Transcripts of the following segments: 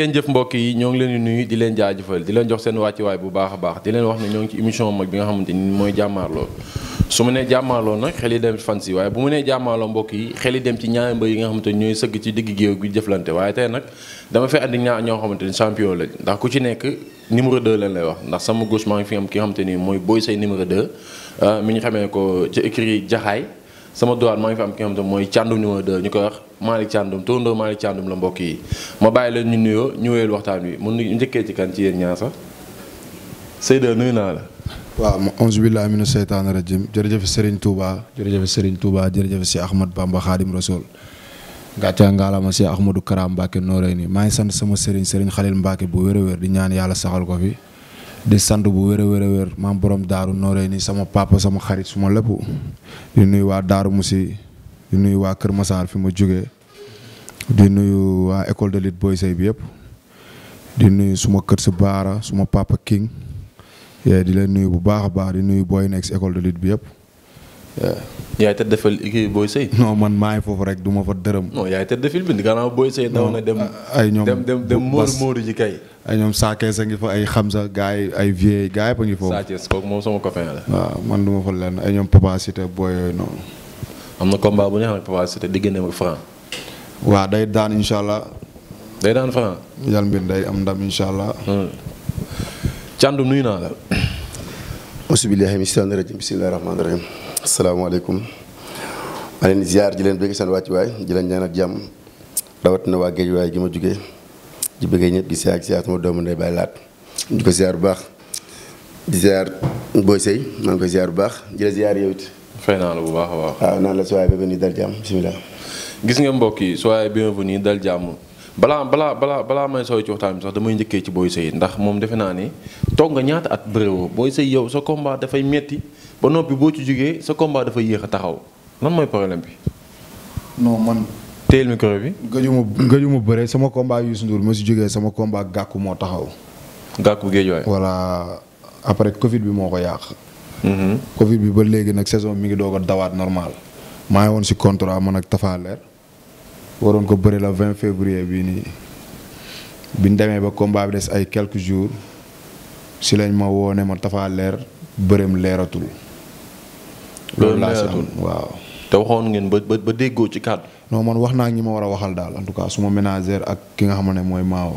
ngeen jëf mbokk yi ñoo ngi leen di nuyu di leen jaajëfal di leen jox seen wàccuwaay bu baax a baax di leen wax ne ñoo ngi ci émission mag bi nga xamante ni mooy jàmmaarloo su ma fan si waaye bu mu nee jàmmaarloo mbokk yi xel yi dem ci ñaari mbër yi nga xamante ni ñooy sëgg ci digg géew gi jëflante waaye tey nag dama fee andi ñaar ñoo xamante ni champion lañ ndax ku ci nekk numéro 2 leen lay wax ndax sama gauche maa ngi fi ki nga xamante ni mooy Boy Seye numéro 2 ah, mi ñu xamee ko ci écrit jaxaay sama doyen maa ngi fi am ki nga xam ne mooy Thiandoum numéro 2 ñu koy wax Malick Thiandoum tóndoo Malick Thiandoum la mbokk yi ma bàyyi leen ñu nuyoo ñu wéyal waxtaan wi mun nañu njëkkee ci kan ci yéen ñaar sax Seydou nuyu naa la. waaw ma auzu billaahi mina seytaani rajim jërëjëf Serigne Touba jërëjëf Serigne Touba jërëjëf si Ahmad Bamba Khadim Rasoul gàcca ngaalama si Ahmadou Karam Mbacke nooree maa ngi sant sama Serigne Serigne Khalil Mbacke bu wér-wér di ñaan yàlla saxal ko fi di sant bu wér a wér a wér maam borom daaru nooree nii sama papa sama xarit suma lépp di nuyu waa daaru Moussi di nuyu waa Kër Massar fi ma jóge di nuyu waa école de lutte Boy Sey bi yëpp di nuyu suma kër sa baara suma kiin King di leen nuyu bu baax a baax di nuyu booy nekk école de lutte bi yëpp. waaw. yaay tëdd defal kii Boy Sey. non man maa ngi foofu rek du ma fa dërëm. non yaay tëdd defil bi gannaaw Boy Sey daw na dem. ay ñoom dem dem dem Mor Mori ji kay. ay ñoom Sakess a ngi fa ay Xamsa gars yi ay vieux gars yëpp a ngi foofu. Sakess kooku moom sama copain la. waaw ay ñoom Papa Cité booy yooyu noonu. am na combat bu ñu xam ne Papa Cité diggante ak Franc. waaw day daan incha allah. day daan Franc. yàlla mbir day am ndam incha allah. Hmm. Thiandoum nuyu naa la. ausubillahi mi shaytaani rajim bismillahi rahmaani rahim asalaamaaleykum ma leen ziar ji leen bëgg seen wàcc waay ji leen ñaanal jàmm rawatina waa géej waay gi ma jógee ji bëggee ñëpp di ziar ak ziar sama doomu ndey bàyyi laat di ko ziar bu baax di ziar booy sëy maa ngi koy bu baax ji la ziar yow it naa la bu baax a baax waaw naan la sowaay bienvenue dal jàmm bisimilah gis nga mbokk yi sowaay bienvenue dal jàmm balaa balaa balaa balaa may sooy ci waxtaan bi sax damay njëkkee ci Boy Seye ndax moom defe naa ne toog nga ñaata at bëréwoo Boy Seye yow sa combat dafay metti ba noppi boo ci jógee sa combat dafay yéex a taxaw lan mooy problème bi. non man. téyel micro bi. gëju ma gëju ma bëre sama combat Youssou Ndour ma si jógee sama combat gàkku moo taxaw. gàkku géej waay. voilà après Covid bi moo ko yàq. Mhm. Covid bi ba léegi nag saison mi ngi doog a dawaat normal. maa ngi woon si contrat man ak Tafa Leer waroon ko bëri la vingt février bi nii biñ demee ba combat bi des ay quelques jours si lañ ma woone ma Tapha Leer bërëm leeratul. loolu leeratul waaw. te waxoon ngeen ba ba déggoo ci kàddu. non man wax naa ak ñi ma war a waxal daal en tout cas suma ménagère ak ki nga xam ne mooy Maawa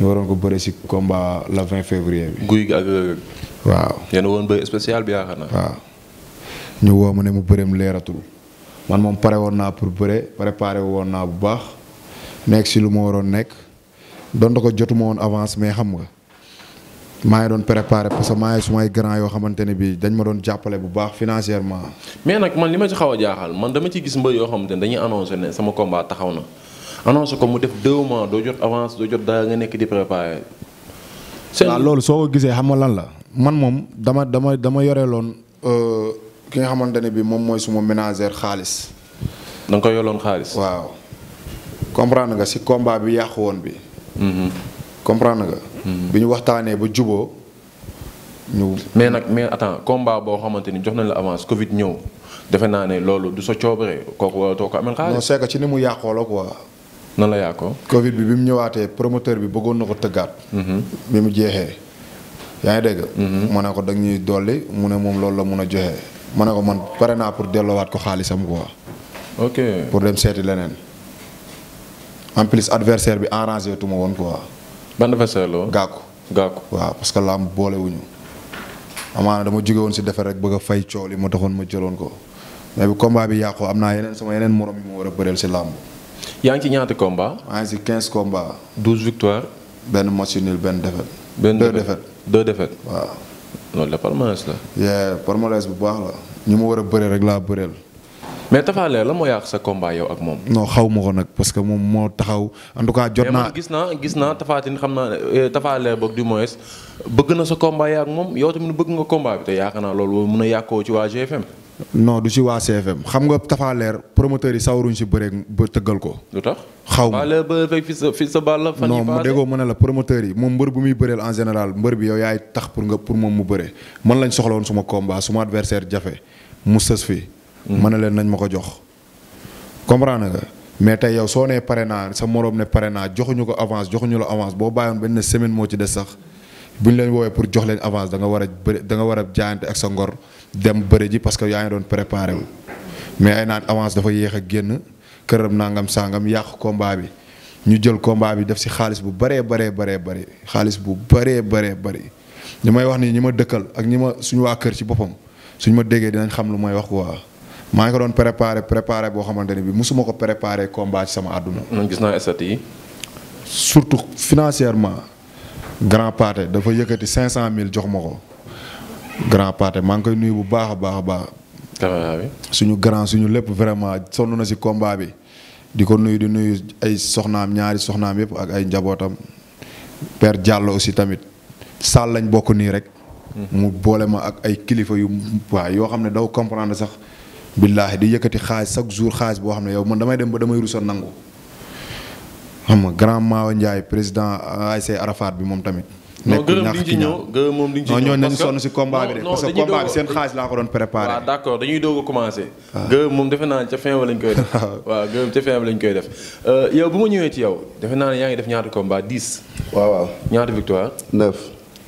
ñu waroon ko bëre si combat la vingt février bi. guy gi ak waaw. yéen woon bi yaakaar naa. ñu woo ma ne mu bërëm leeratul. man moom pare woon naa pour bëre préparé woon naa bu baax nekk si lu ma waroon nekk dont ko jotuma woon avance mais xam nga maa ngi doon préparé parce que maa ngi sumay grand yoo xamante ne bii dañ ma doon jàppale bu baax financièrement. mais nag man li ma ci xaw a jaaxal man dama ci gis mbër yoo xamante ne dañuy annoncé ne sama combat taxaw na annoncé ko mu def deux doo jot avance doo jot daa nga nekk di préparé. seen loolu soo ko gisee xam nga lan la man moom dama dama dama yoreloon. Euh, ki nga xamante ne bi moom mooy suma ménagère xaalis. da nga ko yoloon xaalis. waaw comprendre nga si combat bi yàqu woon bi. Mhm. comprendre nga. Mhm. bi ñu waxtaanee ba juboo ñu mais nag mais attends combat boo xamante ni jox nañ la avance Covid ñëw defe naa ne loolu du sa coobare kooku waratoo ko amel xaalis. non c'est que ci ni mu yàqoo la quoi. na la yàqoo. Covid bi bi mu ñëwaatee promoteur bi bëggoon na ko tëggaat. Mhm. bi mu jeexee. yaa ngi dégg. mu ne ko da ñuy dolli mu ne moom loolu la mun a joxe. ma ne ko man pare naa pour delloowaat ko xaalisam quoi. ok pour dem seeti leneen. en plus adversaire bi arrangé tu woon quoi. ban adversaire la woon. gàkku gàkku waaw parce que làmb boole wuñu amaana dama jóge woon si defe rek bëgg a fay coow li ma taxoon ma jëloon ko mais bi combat bi yàqu am naa yeneen sama yeneen morom yi ma war a bëreel si làmb. yaa ngi ci ñaata komba maa ngi quinze komba combat. 12 victoires. benn machine nul benn défaite. benn défaite deux défaites. deux défaites loolu de palmarès la. palmarès bu baax la. ñu ma war a bëree rek laa bëreel. mais Tapha Leer la moo yàq sa combat yow ak moom. non xaw ma ko nag parce que moom moo taxaw en tout cas jot naa. gis naa gis naa Tapha Tine xam naa eh, Tapha Leer boog du moins bëgg na sa combat yaa ak moom yow tamit bëgg nga combat bi te yaakaar naa loolu mën a yàqoo ci waa GFM. no du si waa CFM xam nga tafaa Leer promoteur yi sawaruñ ci bëreeg ba tëggal ko. lu tax xaw ma ba sa fi sa bàll fan non mu déggoo mën a la promoteur yi moom mbër bu muy bëreel en général mbër bi yow yaay tax pour nga pour moom mu bëre man lañ soxla woon suma combat suma adversaire jafe mu sës fi. mën hmm. na leen nañ ma ko jox. comprendre nga mais tey yow soo nee pare naa sa moroom ne pare naa joxuñu ko avance joxuñu la avance boo bàyyoon benn semaine moo ci des sax bu leen woowee pour jox leen avance war a bëri da war a jaayante ak sa ngor dem bëri ji parce que yaa ngi doon préparé wu mais ay naan avance dafa yéex a génn këram nangam sangam yàq combat bi ñu jël combat bi def si xaalis bu bëree baree baree bëri xaalis bu bëree baree bëri ñu may wax nii ñi ma dëkkal ak ñi ma suñu waa kër ci boppam suñu ma déggee dinañ xam lu may wax ko quoi maa ngi ko doon préparé préparé boo xamante ne bi musuma ko préparé combat ci sama àdduna. man gis naa stat yi. surtout financièrement grand parti dafa yëkkati 500000 jox ma ko. grand Pathé maa ngi koy nuyu bu baax a baax a baax. suñu grand suñu lépp vraiment sonn na si combat bi. di ko nuyu di nuyu ay soxnaam ñaari soxnaam yëpp ak ay njabootam. per jàll aussi tamit saal lañ bokk nii rek. Mhm. mu boole ma ak ay kilifa yu waa yoo xam ne daw comprendre sax. billaahi di yëkkati xaalis chaque jour xaalis boo xam ne yow man damay dem ba damay rusa nangu. xam nga grand Mawa Ndiaye président ASC Arafat bi moom tamit. nekkul ñax ci ñëw gërëm moom liñ ci ñëw ñoo nañ sonn si combat bi de parce que combat bi seen xaalis laa ko doon préparé. waaw d'accord dañuy doog a commencé. Ah. moom defe naa ca fin ba lañ koy def. waaw lañ koy def euh, yow bu ma ñëwee ci yow defe naa ne yaa ngi def ñaata combat 10. waaw waaw ñaata victoire. 9.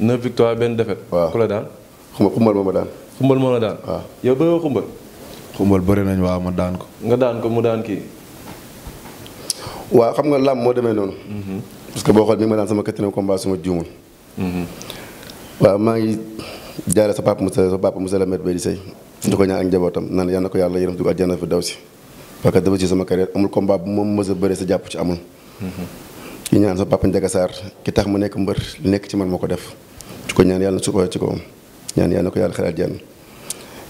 9 victoire benn défaite. waaw ku la daan. xuma xumbal moo ma daan. xumbal moo la daan. waaw yow bëriwoo xumbal. xumbal bëri nañ waaw ma daan ko. nga daan ko mu daan kii. waaw xam nga làmb moo demee noonu. Mhm. parce que boo xool mi ngi ma daan sama quatrième combat suma juumul Mm-hmm. waaw maa ngi jaare sa papa Moussa sa papa Moussa Lamette Bay di sëy di ko ñaan ak njabootam naan yal na ko yàlla yërëm dugg àjjana fi daw si parce que dafa ci sama carrière amul combat bu moom mës a bëre sa jàpp ci mm-hmm. ñaan sa papa Ndiaga Sarr ki tax mu nekk mbër nekk ci man moo ko def ci ko ñaan yàlla na suuf ci kawam ñaan yàlla na ko yàlla xelal jenn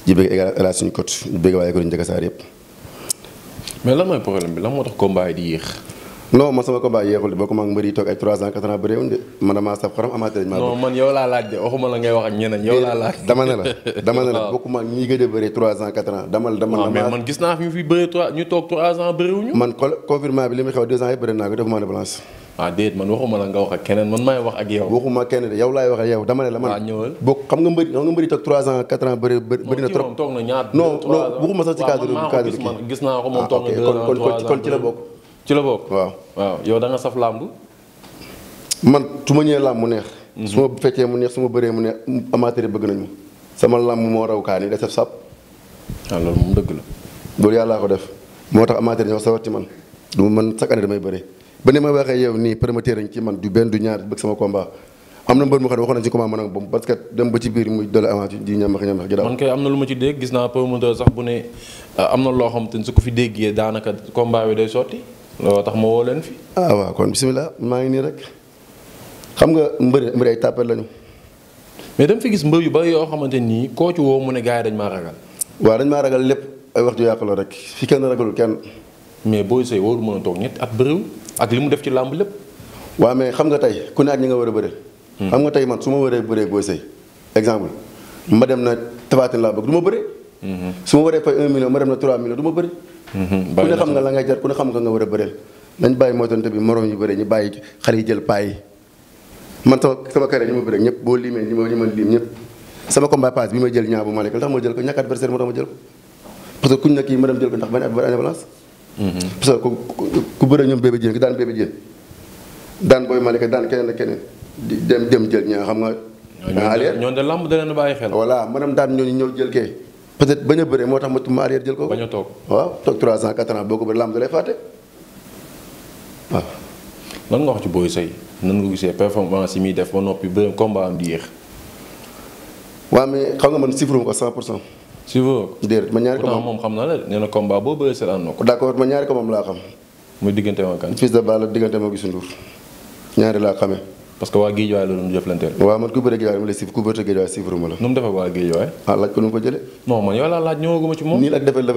ji bëgg égal suñu côté ji bëgg waaye ko Ndiaga Sarr yëpp mais lan mooy problème bi lan moo tax combat yi di yéex non man sama combat yeexul de bokk ma ak mbër yi toog ay de man damaa maa a bëree 3 ans 4 ans naa la nga mbëri toog 3 ans 4 bëri bëri na trop non non sax ci cadre cadre gis naa ko moom ah, toog na 2 kon ci la bokk ci la bokk waaw. waaw yow da nga saf làmb. man su ma ñëwee làmb mu neex. Mhm. su ma feccee mu neex su ma bëree mu ne amateur yi bëgg nañu sama làmb moo raw kaan yi da saf sap. waaw ah, mu moom dëgg la. loolu yàllaa ko def moo tax amateur yi ñoo sawar ci man du ma man chaque man du ñaar bëgg sama combat. am na mbër mu xam ne waxoon nañ ci comment ma a bom parce dem ba ci biir muy doole amaat di ñamax ñamax gi man kay am na lu ma ci dégg gis naa promoteur sax bu ne ah, am na loo xam te su fi déggee daanaka combat bi day sotti looloo tax ma woo leen fi. ah waaw kon bisimilah maa ngi nii rek xam nga mbër mbër ay tàppet lañu. mais dama fi gis mbër yu bari yoo xamante nii koo woo mu ne gars yi dañ maa ragal. waaw dañ maa ragal lépp ay wax ju yàq la rek fi kenn ragalul kenn. mais Boy Seye warul mën a toog ñett at bëriw ak li mu def ci làmb lépp. waaw mais xam nga tey ku ne ak ñi nga war a bëri. Hmm. xam nga tey man su ma waree bëree Boy Seye exemple ma dem na Tapha Tine laa bëgg du ma bëri. Hmm. su ma waree fay million ma na 3 million du ma bëri. Mhm, ku ne xam nga la ngay jar ku ne xam nga nga war a bëreel nañ bàyyi moytante bi moroom yu bëri ñu bàyyi xale yi jël paa yi man sama sama carrière ma bëri ñëpp boo limee ñi ma ñu ma lim ñëpp sama combat pass bi ma jël ñaa bu ma nekk la tax jël ko ñàkk adversaire moo tax ma jël ko parce que kuñ na kii ma dem jël ko ndax benn benn balance mhm. parce que ku bëre ñoom booy Malika daan keneen ak dem dem jël ñaa xam nga. ñooñu de lamb da leen bàyyi xel. voilà maanaam daan ñooñu ñëw jël kee peut-être bañ a moo tax ma ma arrière jël ko. bañ a toog waaw toog 3 ans 4 ans boo ko bëri lamb da lay fàtte waaw. lan nga wax ci Boy Seye nan nga gisee performance si muy def ba noppi ba combat am di yéex. waaw mais xam nga man chiffre ko 100 pour cent. chiffre déedéet moom xam naa la nee na boo bëree seetaan na ko. d'accord ma ñaari combat laa xam. muy diggante ma kan. fils de Balla diggante ma Youssou Ndour ñaari laa xamee. parce que waa Guédiawaye la doon jëflanteel. waaw man ku bëre Guédiawaye mu def ak waa ah, man yow laa laaj ñëwaguma ci moom. nii ak defal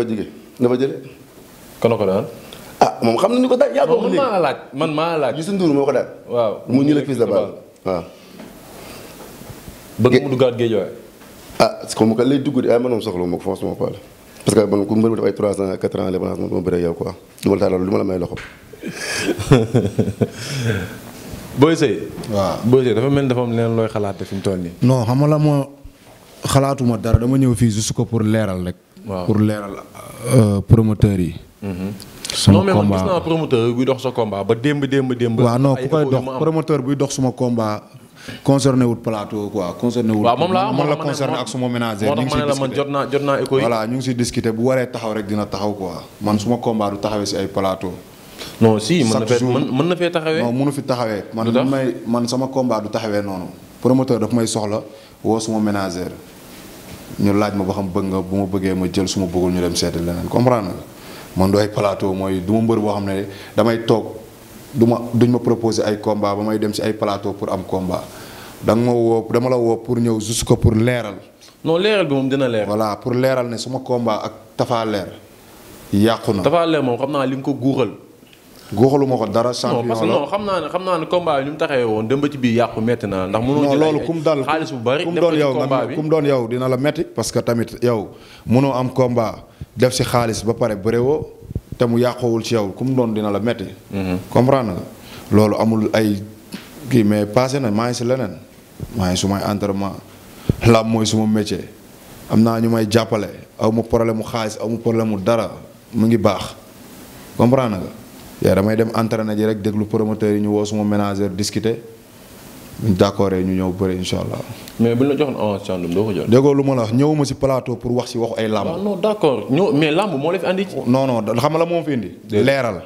ah, moom xam nañu ko ko. man maa man maa laaj. Youssou Ndour moo ko daan. waaw mu ñu la fils de Balla waaw. bëgg mu duggaat Guédiawaye. ah su ko mu kat lay dugg de ay ah, man moom soxla ma ma ku mbër mu def ay 3 la ma la may loxo Boy see waaw Boy dafa mel dafa am leneen looy xalaate fi mu toll nii. non xam la moo xalaatuma dara dama ñëw fii juste ko pour leeral rek. waaw pour leeral euh, promoteurs yi. Mm-hmm. sama combat non mais man gis naa promoteur buy dox sa combat ba démb démb démb. waaw non ku koy dox promoteur buy dox suma combat. concerné wut plateau quoi concerné wut. waaw moom la moom la concerné ak suma ménager. ñu ngi siy discuter jot naa jot naa écho yi. ñu ngi siy discuter bu waree taxaw rek dina taxaw quoi man suma combat du taxawee si ay plateau. non si mën na fee mën na fee taxawee. non mënu fi taxawee. man man may man sama combat du taxawee noonu. promoteur dafa may soxla woo suma ménagère ñu laaj ma ba xam bëgg nga bu ma bëggee ma jël suma ma bëggul ñu dem seeti leneen comprendre nga man du ay plateau mooy du ma mbër boo xam ne damay toog du ma duñ ma proposer ay combat ba may dem si ay palaato pour am combat danga ma woo dama la woo pour ñëw juste ko pour leeral. noo leeral bi moom dina leer. voilà pour leeral ne suma komba ak Tapha yàqu na. Tapha Leer moom xam naa li nga ko guural. goxaluma ko dara. champion la xam naa ne xam naa ne combat bi ni mu taxawee woon dem ba ci biir yàqu metti na ndax. mënoo jël ay xaalis bu bari def ko ci doon yow dina la metti parce que tamit yow mënoo am combat def si xaalis ba pare bëreewoo te mu yàqowul ci yow kum doon dina la metti mhm. comprendre nga loolu amul ay kii mais passé na maa ngi si leneen maa ngi su may entraînement làmb mooy su ma métier am naa ñu may jàppale aw ma problème mu xaalis aw ma problème mu dara mu ngi baax comprendre yaa damay dem entraîné ji rek déglu promoteur yi ñu woo suma manager discuter buñ d'accord ñu ñëw bëre incha allah. mais buñ la joxoon avance Thiandoum doo ko jël. déggoo lu ma la wax ñëwuma si plateau pour wax si waxu ay làmb. waaw non d'accord ñoo mais làmb moo la fi andi. non non moom nga la moo fi indi. leeral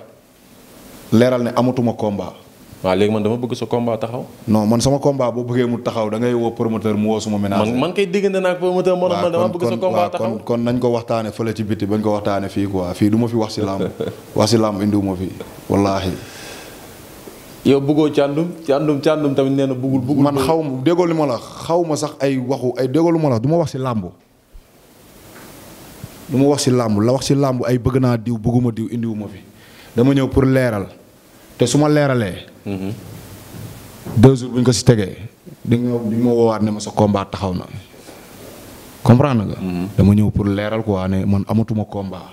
leeral ne amatuma komba waaw léegi man dama bëgg sa combat taxaw. non man sama combat boo bëggee mu taxaw dangay ngay woo promoteur mu woo suma ménage. man man kay diggante naa ak promoteur moo man dama kon nañ ko waxtaane fële ci biti bañ ko waxtaane fii quoi fii du ma fi wax si làmb wax si làmb indiwu ma fi wallaahi. yow bëggoo càndum càndum càndum tamit nee na bëggul bëggul. man xaw ma déggoo li ma la xaw ma sax ay waxu ay déggoo ma la du ma wax si làmb. du wax si làmb la wax si làmb ay bëgg naa diw bëgguma diw indiwuma ma fi dama ñëw pour leeral te su ma leeralee deux jours bu ñu ko si tegee di nga di nga ma woowaat ne ma sa combat taxaw na comprendre nga. Mhm. dama ñëw pour leeral quoi ne man amatuma combat.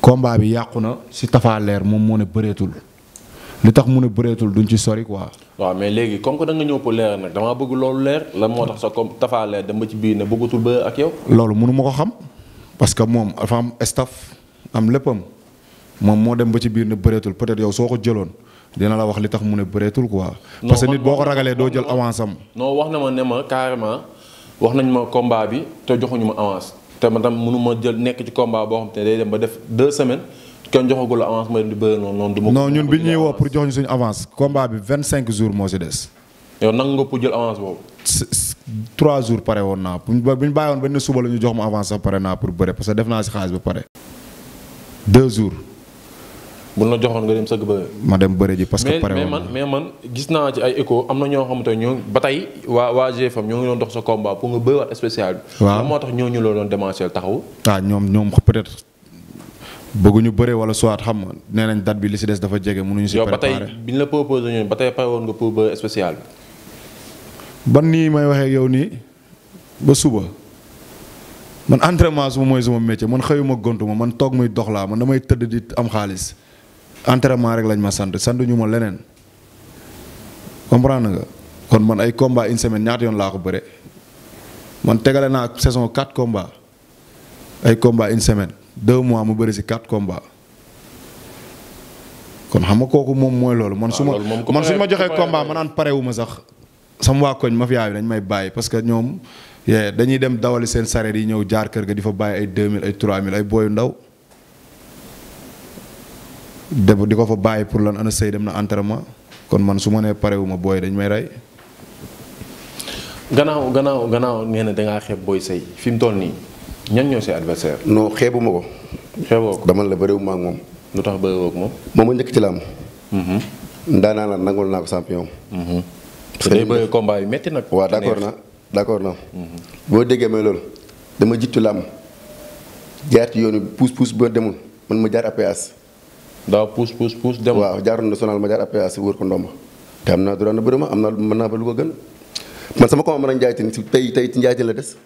combat bi yàqu na si Tapha Leer moom moo ne bëreetul li tax mu ne bëreetul duñ ci sori quoi. waaw mais léegi comme que da nga ñëw pour leer nag damaa bëgg loolu leer lan moo tax sa comme Tapha Leer dama ci biir ne bëggatul ba ak yow. loolu mënu ma ko xam parce que moom dafa am staff am léppam moom moo dem ba ci biir ne bëreetul peut-être yow soo ko jëloon. dina la wax li tax mu ne bëreetul quoi. parce que nit boo ko ragalee doo jël avance am. non wax na ma ne ma carrément wax nañ ma combat bi te joxuñu ma avance te ma tam mënu ma jël nekk ci combat boo xam te day dem ba def deux semaines kenn joxagul avance ma dem di bëri noonu noonu. du ñun bi ñuy woo pour jox ñu suñu avance combat bi vingt cinq jours moo si des. yow nangu nga pour jël avance boobu. trois jours pare woon naa bu ñu bàyyi woon ba ne suba la ñu jox ma avance sax pare naa pour bëre parce que def naa si xaalis ba pare deux jours. bu la joxoon nga dem sëgg bëre. ma dem bëre ji parce que pare mais man mais man gis naa ci ay écho am na ñoo xamante ne ñoo ba tey waa waa GFM ñoo ngi doon dox sa combat pour nga bëriwaat spécial bi. waaw moo tax ñooñu la doon démarché taxaw. ah ñoom ñoom peut-être bëgguñu bëre wala soit xam nga nee nañ date bi li si des dafa jege mënuñu si. préparé yow ba tey bi ñu la proposé ñoom ba tey pare woon nga pour bëre spécial bi. ban nii may waxee yow nii ba suba. man entraînement su ma mooy suma métier man xëyuma gontuma man toog muy dox laa man damay tëdd di am xaalis entraînement rek lañ ma sant santuñu ma leneen comprendre nga kon man ay combat une semaine ñaata yoon laa ko bëre man tegale naa saison 4 combats ay combat une semaine deux mois mu bëri si 4 combats kon xam nga kooku moom mooy loolu. man su ma ah, man su ma joxee combat ma naan parewu ma sax sama waa koñ ma fi yaay dañ may bàyyi parce que ñoom dañuy dem dawali seen sareet yi ñëw jaar kër ga di fa bàyyi ay 2000 ay 3000 ay booyu nda de di ko fa bàyyi pour lan ana sëy dem na entraînement kon man su ma nee parewuma booy dañ may rey. gannaaw gannaaw gannaaw nee na da ngaa xeeb booy sëy fi mu toll nii ñan ñoo say adversaire. non xeebuma ko. xeeboo ko dama la bëriwuma ak moom. lu tax bëriwoo ak moom. moom a njëkk ci làmb. Mm-hmm. ndaanaa la nangul naa ko champion. te mm-hmm. day bëri combat yu métti nag. waaw d' accord na d' accord na. Mm-hmm. boo déggee may loolu dama jittu làmb jaar ci yoonu puus puus boo demul man ma jaar APS. daaw puus puus puus dem waaw jaaroon na sonal ma jaar après si wër ko ndomba te am naa duraan na bëri ma am naa mën naa ba lu ko gën man sama combat mën a njaayitin si tey tey ci la des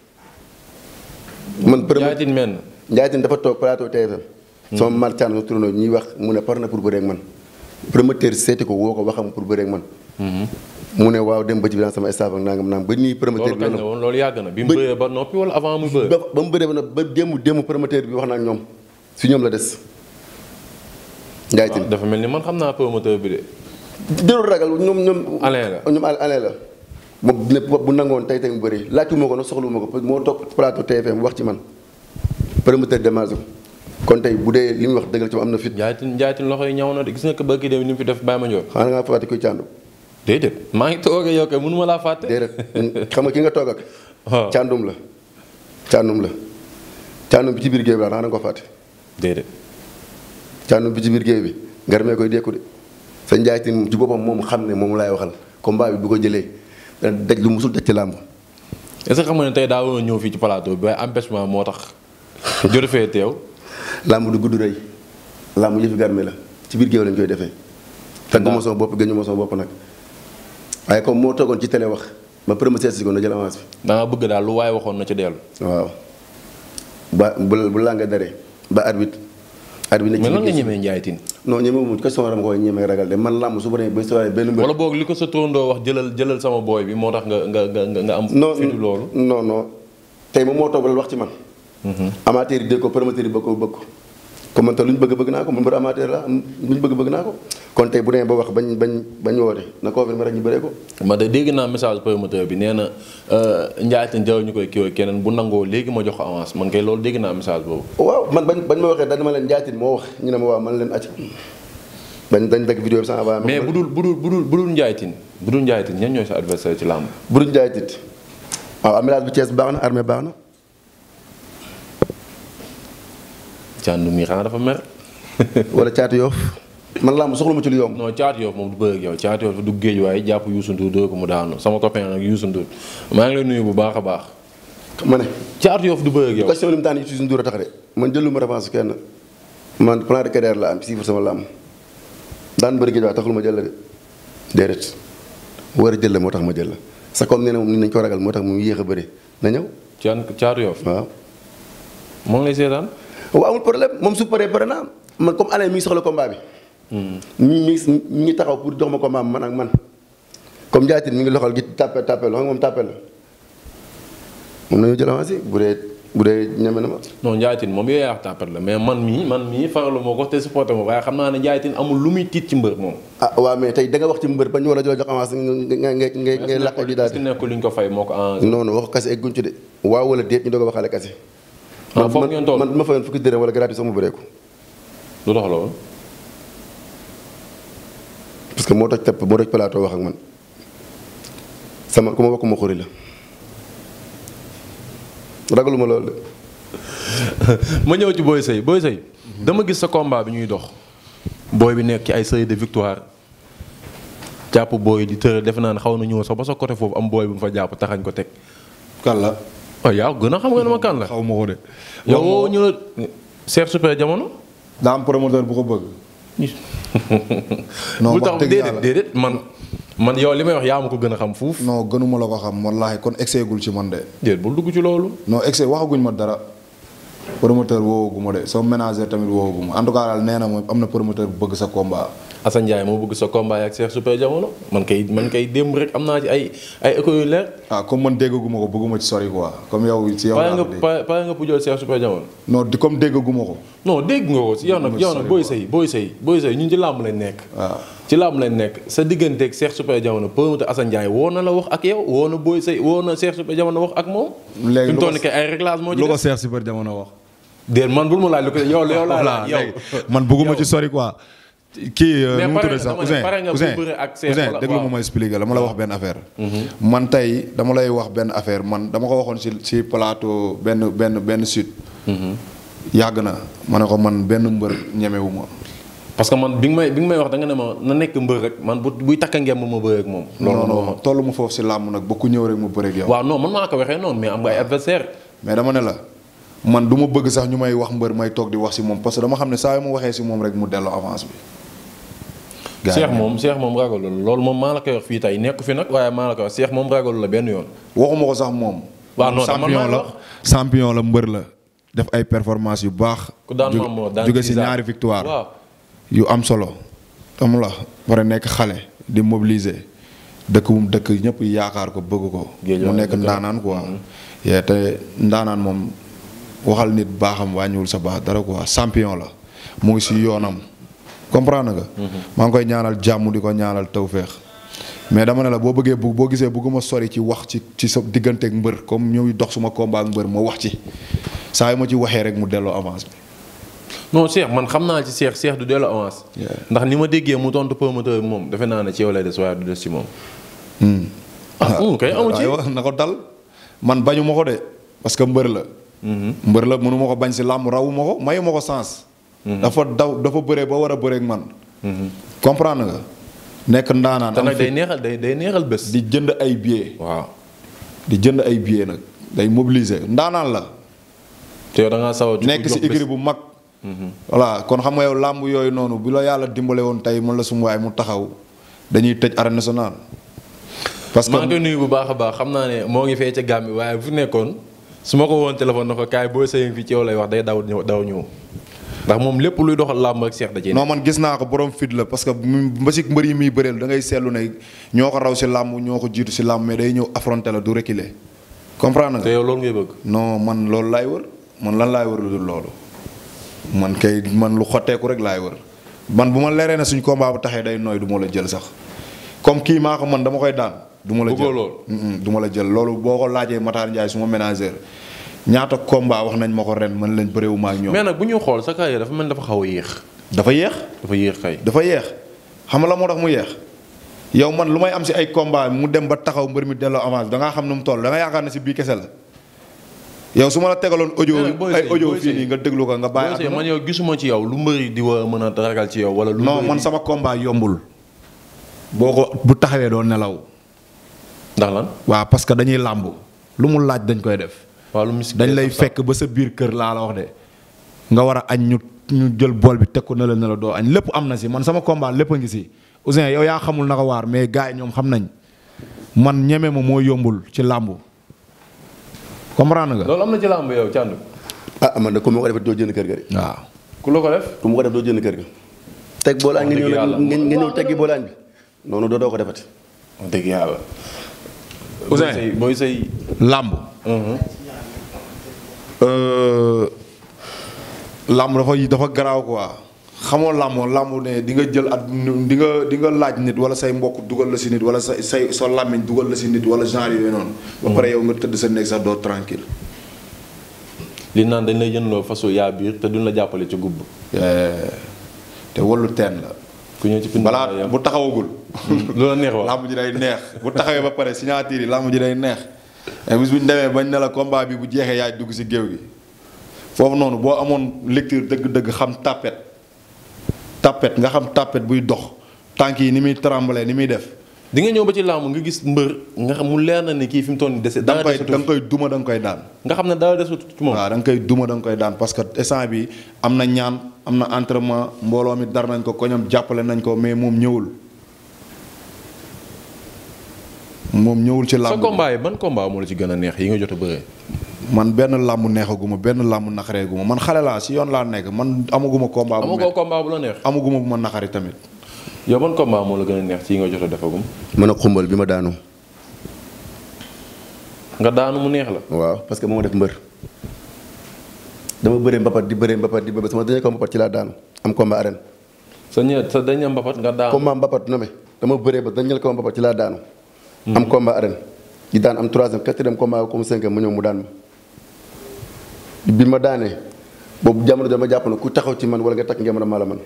man bëri njaayitin mel na njaayitin dafa toog plateau TFM hmm. sama mal caan sama turandoo ñuy wax mu ne par na pour bëreek man promoteur seeti ko woo ko waxam pour bëreek man hmm. mu ne waaw dem ba ci bilan sama staff ak nangam nangam loolu yàgg na bi mu bëree ba noppi wala avant muy bëree bi wax naa ñoom si ñoom la des Ndiaye Tine dafa mel ni man xam naa promoteur bi de. déllu ragal ñoom ñoom. Alain la ñoom Alain la. moom dina nangoon tey tey mu bëri laajtuma ko nag soxluma ko moo toog plateau TFM wax ci man promoteur démarré ko kon tey bu dee li mu wax dëgg la am na fit. Ndiaye Tine loxo yi ñaw na de gis nga bëgg dem ni fi def bàyyi ma ñëw. xanaa ngaa fàtte kuy càndu. maa ngi toog ak yow kay mënuma laa fàtte. déedéet xam nga ki nga toog ak. waaw la càndum la ci biir géej la xanaa càndum bi ci biir géew bi ngarmee koy dekku de sa njaay tamit ci boppam moom xam ne moom laay waxal combat bu ko jëlee daj lu musul ci làmb est-ce tey daa ñëw fii ci plateau bi waaye moo tax jot fee teew làmb du gudd rëy làmb yëfi garmi la ci biir géew lañ koy defee tagguma sama bopp gëñuma sama bopp nag waaye comme moo toogoon ci télé wax ma premier seet si ko na jël danga bëgg daal lu waaye waxoon na ci dellu waaw ba bu laa nga daree ba arbitre ar bi la mais lan nga ñemee Ndiaye Tine non ñeme ma koy ñemee ragal de man làmb su ma nee benn mbir. wala boog li ko sa tóndoo wax jëlal jëlal sama booy bi moo tax nga nga nga nga am. fitu loolu non non tey moom moo toog wax ci man. Mhm. amateur yi dégg ko promoteur yi bëgg ko bëgg ko ko man lu ñu bëgg bëgg naa ko man mbër amateur la lu ñu bëgg bëgg naa ko kon tey bu demee ba wax bañ bañ bañ woote na confirmer rek ñu bëree ko. ma de dégg naa message promoteur bi nee na euh, Ndiaye Tine jaww ñu koy kiiwee keneen bu nangoo léegi ma jox ko avance man kay loolu dégg naa message boobu. waaw man bañ bañ ma waxee dañ ma leen Ndiaye Tine moo wax ñu ne ma waaw man leen acc dañ dañ dagg vidéo bi sans avant. mais bu dul bu dul bu dul bu dul Ndiaye bu dul Ndiaye Tine ñan sa adversaire ci làmb. bu dul Ndiaye Tine waaw amiral bu Thiès baax na armée baax Thiandoum mi xanaa dafa mer. wala Thiatou Yoff man laa ma soxla ma ci lu yomb. non Thiatou Yoff moom du bëgg ak yow Thiatou Yoff du waaye jàpp Youssou Ndour doo ko mu daanu sama copain nag a baax. ma ne. Thiatou Yoff du bëgg ak yow. question li mu daan Youssou Ndour a tax de man jëluma la am ci sama lamb daan bëri géej waaye taxul ma jël la war a moo tax ma jël sa comme nee na moom ni nañ ragal moo tax mu yéex a bëri na ñëw. Thiatou Yoff waaw. moo lay seetaan. waaw amul problème moom su paree pare naa man comme Alain mi ngi soxla combat bi. Hmm. mi ngi mi ngi taxaw pour jox ma combat man ak man. comme Ndiaye tamit mi ngi loxol gi tàppel tàppel wax nga moom tàppel la mun nañu ma. non Ndiaye tamit moom yooyu mais man mii man mii faralu moo ko te supporté ma waaye xam naa ne Ndiaye tamit amul lu muy tiit ci mbër moom. ah waaw mais tey da wax ci mbër ba ñu war a jox avancé nga nga nga nga làq di daal. est-ce que nekkul li ko fay moo ko. non wax kase egguñ ci de waaw wala déet ñu doog a waxaale kase. waaw foog ngeen toll man man ma fayoon fukki dërëm wala gratuit que moo toj tepp moo wax ak man sama ku ma la ragaluma loolu de. ma ñëw ci booy Seye Boy Seye dama gis sa combat bi ñuy dox. booy bi nekk ci ay série de victoire jàpp booy di tër defe naa ne xaw na ñëw sax ba sa côté foofu am booy bu mu fa jàpp taxañ ko teg. kàlla. waaw oh, yaa gën a xam nga ne ma kan la. xaw ma ko de. yow woo ñu la Cheikh Super jamono. daa am promoteur bu ko bëgg. non bu tax déedéet déedéet man. man yow li may wax yaa ma ko gën a xam fuuf. non gënuma la ko xam wallaahi kon excès gul ci man de. déedéet bul dugg ci loolu. non excès waxaguñ ma dara. promoteur woowagu ma de sama manager tamit woowagu ma en tout cas daal nee na ma am na promoteur bu bëgg sa combat. Assane Ndiaye moo bëgg sa combat ak Cheikh Super Jamono man kay man rek am naa ay ay écho ah, comme man déggaguma ko bëgguma ci sori quoi comme yow. ci yow laa dégg pare nga pare nga pujool Cheikh Super ko. non dégg nga ko si yow nag yow nag booy booy sëy booy sëy ñun ci làmb nekk. waaw ah. ci làmb nekk sa digganteeg Cheikh Super Jamono promoteur Assane woo na la wax ak yow woo na booy sëy woo na Cheikh Super Jamono wax ak moom. léegi lu ko fi moo ci def lu ko Super Jamono wax déet man bul ma laaj lu ko yow yow laa laaj yow man bëgguma ci sori quoi. kii euh, nu mu tudd sax Ousseyn Ousseyn déglu ma ma expliqué la ma wax benn affaire. Mhm. man tey dama lay wax benn affaire man dama ko waxoon si si plateau benn benn benn sud. Mhm. yàgg na ma ne ko man benn mbër ñemewu ma. parce que man bi nga may wax da nga ne ma na nekk mbër rek man bu buy takka ngemb ma bëree ak moom. loolu non toll foofu si làmb nag ba ku ñëw rek ma bëree ak yow. waaw man maa ko waxee noonu mais am nga ay adversaire ne la. man du ma bëgg sax ñu may wax mbër may toog di wax si moom parce que dama xam ne saa yu ma waxee si moom rek mu delloo avance bi. seex moom seex moom ragalul moom maa la koy wax fii tey nekk fi nag waaye maa la koy wax seex moom ragalul la benn yoon. waxuma ko sax moom. waaw non la champion la mbër la def ay performance yu baax. ku daan moom jóge si ñaari victoire. yu am solo. am la a nekk xale di mobiliser dëkk bu dëkk ñëpp yaakaar ko bëgg ko. mu nekk ndaanaan quoi. Mm-hmm. te ndaanaan moom. waxal nit baaxam wàññiwul sa baax dara quoi champion la mu ngi si yoonam comprendre nga. Mm-hmm. maa ngi koy ñaanal jàmm di ko ñaanal tawféex. mais dama ne la boo bëggee bu boo gisee bëgguma sori ci wax ci ci sa diggante ak mbër comme ñëw dox suma combat ak mbër ma wax ci saa yu ma ci waxee rek mu delloo avance bi. non Cheikh man xam naa ci Cheikh seex du delloo avance. ndax ni ma déggee mu tontu promoteur bi moom defe naa ne ci yow lay des waaye du des ci moom. Hmm. Ah, hmm, kay amu ci na ko dal man bañu ma ko de parce que mbër la. mbër la mënu ma ko bañ si làmb rawu ma ko mayu ma ko sens. Mhm. dafa daw dafa bëre ba war a bëree ak man. Mhm. comprendre nga. nekk ndaanaan te nag neexal day day neexal bés. di jënd ay billets. waaw jënd ay billets nag day mobiliser ndaanaan la. te yow da ngaa saw nekk si écurie bu mag. Mhm. voilà kon xam nga yow làmb yooyu noonu bu la yàlla dimbale woon tey mën la sumu mu taxaw dañuy tëj arène nationale. parce que nuyu bu baax a baax xam naa ne moo ngi fee ca Gambie waaye fu nekkoon. su ma ko woon téléphone na ko kaay boo sëyee fii ci yow lay wax day daw ñëw daw ndax moom lépp luy doxal làmb ak Cheikh da ci non man gis naa ko borom fit la parce que mbasik yi muy bëreel da ngay seetlu ne ñoo ko raw si làmb ñoo ko jiitu si làmb mais day ñëw affronter la du reculer comprendre nga te yow loolu ngay bëgg non man loolu laay wër man lan laay wër lu dul loolu man kay man lu xotteeku rek laay wër man bu ma leree ne suñ combat bu taxee day nooy du ma la jël sax comme kii maa ko man dama koy daan du ma la jël la jël loolu boo ko laajee Matar Ndiaye suma manager ñaata combat wax nañ ma ko ren mën leen bëréewu ma ñoom. mais nag bu ñu xool sa carrière dafa mel dafa xaw a yéex. dafa yéex. dafa yéex kay dafa yéex xam nga la moo tax mu yéex. yow man lu may am si ay combat mu dem ba taxaw mbër mi delloo avance da ngaa xam ne mu toll da yaakaar na si bii kese la yow su ma la tegaloon audio ay audio fii nii nga déglu ko nga bàyyi. ma yow gisuma ci yow lu mbëri di war a mën a ragal ci yow. wala lu non man sama combat yombul. boo ko bu taxawee doo nelaw ndax lan waaw parce que dañuy làmb lu mu laaj dañ koy def. dañ lay fekk ba sa biir kër laa la wax de nga war a añ ñu ñu jël bool bi teg ko na la ne doo añ lépp am na si man sama combat lépp a ngi si Ouzin yow yaa xamul naka waar mais gars yi ñoom xam nañ man ñeme ma moo yombul ci làmb comprendre ga loolu am na ci làmb yow Thiandou. ah man de ku ma ko def doo jënd kër ga de. waaw ku la ko def. ku ma ko def doo jënd kër ga. teg boolaan nga ñëw nga ñëw teggi boolaan bi. noonu doo doo ko defati. dëgg yàlla. Ousseyn Boy Sey làmb euh, làmb dafa dafa garaaw quoi xamoo làmb làmb ne di nga jël at di nga di nga laaj nit wala say mbokk dugal la si nit wala sa say sa làmmiñ dugal la si nit wala genre yooyu noonu. ba pare yow nga tëdd sa néeg sax doo tranquille li naan dañ lay jëndloo faso yaa biir te du la jàppale ci gubb. Eh, te wallu teen la. ku ñëw ci balaa bu taxawagul. lu la neex waaw làmb ji day neex bu taxawee ba pare signature yi làmb ji day neex mais bis bu ñu demee bañ ne la combat bi bu jeexee yaay dugg si géew gi foofu noonu boo amoon lecture dëgg-dëgg xam tàppet tàppet nga xam tàppet buy dox tànk yi ni muy trembler ni muy def. di nga ñëw ba ci làmb nga gis mbër nga xam mu leer na ni kii fi mu toll nii da nga koy da nga koy duma nga xam ne dara desut ci moom. waaw da nga koy duma da nga koy daan parce que instant bi am na ñaan am na entrement mbooloo mi dar nañ ko ko ñoom jàppale nañ ko mais moom ñëwul. moom ñëwul ci làmb. sa combat ban combat moo la ci gën a neex yi nga jot a bëree. man benn làmb neexaguma benn làmb naxareeguma man xale laa si yoon laa nekk man amaguma combat. bu amagoo combat bu la neex. amaguma bu ma naxari tamit. yow ban combat moo la gën a neex ci nga jot a man ak bi ma daanu. nga mu neex la. waaw parce que moo def mbër. dama bëree mbapat di bëree mbapat di bëree sama dernier combat mbapat ci laa daanu am combat arène. sa sa dernier mbapat nga daanu. combat mbapat na dama bëree ba dernier combat mbapat ci laa daanu. am combat arène di daan am troisième quatrième combat comme cinquième mu ñëw mu daan ma bi ma daanee boobu jamono dama jàpp ne ku taxaw ci man wala nga takk ngeen ma la man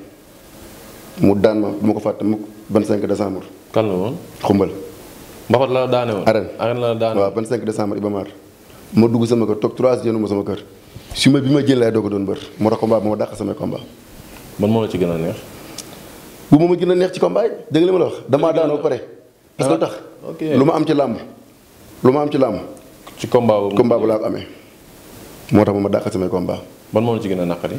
mu daan ma bu ma ko fàtte mukk 25 décembre. kan la woon xumbal. Mbapat la la daane woon. arène arène la la daane waaw 25 décembre Iba Mar ma dugg sama kër toog 3 yéenu ma sama kër su ma bi ma jël laay doog a doon bër moo tax combat bi ma dàq samay combat. man moo la ci gën a neex. bu ma ma gën a neex ci combat yi dégg nga li ma la wax damaa daanoo pare. est que ah. tax lu ma am ci làmb lu ma am ci làmb. ci combat boobu combat bu laa ko amee. moo tax ma ma dàqal samay combat. ban moo la ci gën a naqari.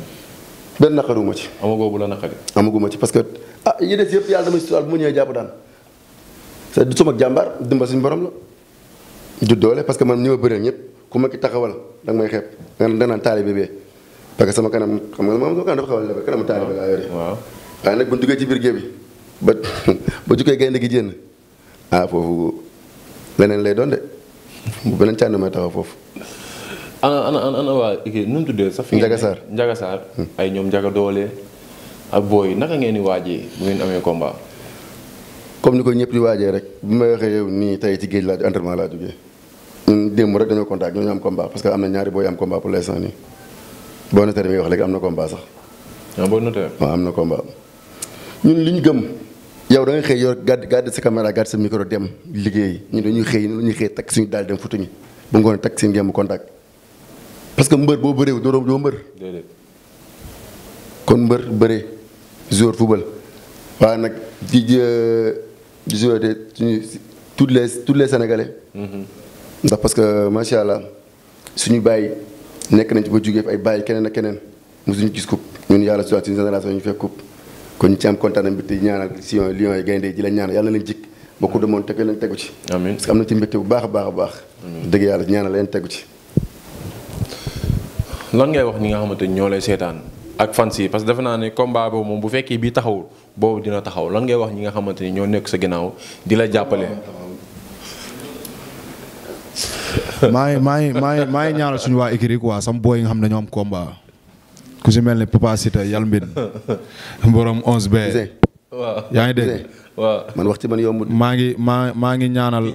benn naqariwuma ci. amagoo bu la naqari. amaguma ci parce que ah yi des yëpp ñëwee jàpp daan c'est du sama jàmbaar dimbal suñu borom la. du doole parce que man ñi ma bëreel ñëpp ku ma ki taxawal da nga may xeeb da nga naan taalibe bee parce que sama kanam xam nga moom sama kanam dafa xawal dafa kanamu taalibe laa yore. waaw waaye nag bu ñu duggee ci biir géej bi ba ba jukkee gaynde gi jén ah foofu leneen lay doon de beneen cànn may taxaw foofu. ana ana ana waa kii nu mu tuddee sax. Ndiaga Sarr Ndiaga Sarr hmm. ay ñoom Ndiaga Doole ak booy naka ngeen di waajee bu ngeen amee combat. comme ni ko ñëpp di waajee rek bi may waxee yow nii tey ci géej laa entraînement laa jógee ñun démb rek dañoo contact ñoo ñu am combat parce que am na ñaari booy am combat pour l'instant nii boo noter mi wax léegi am na combat sax. Ah, waaw boo am na combat ñun li gëm. yow da nga xëy yor gàdd gàdd sa caméra gàdd sa micro dem liggéey ñu dañuy xëy ñu dañuy xëy takk suñu daal dem futu ñu ba ngoon takk seen ngeen contact parce que mbër boo bëree doo doo mbër. kon mbër bëree joueur football waaye nag di joueur de suñu tous les tout les sénégalais. Mhm. ndax parce que macha allah suñu bàyyi nekk nañ ci ba jugee ay bàyyi keneen ak keneen mosuñu gis coupe ñun yàlla si waat génération ñu fekk coupe. kon ñu ci am kontaan bi te ñaanal Lions Lions yi gaynde ji la ñaanal yàlla na leen jik bokku demoon teg leen tegu ci. amiin parce am na ci mbégte bu baax a baax baax. dëgg yàlla ñaanal leen tegu ci. lan ngay wax ñi nga xamante ni ñoo lay seetaan ak fans yi parce que defe naa ne combat boobu bu fekkee bii taxawul boobu dina taxaw lan ngay wax ñi nga xamante ni ñoo nekk sa ginnaaw di la jàppale. maa ngi maa ngi maa ngi ñaanal suñu waa écurie quoi sam booy yi nga xam ne ñoo am kombaa ku si mel ni Papa Sita Yalmbin borom 11B. yaa ngi dégg. man wax ci man yombul de. maa ngi maa maa ngi ñaanal.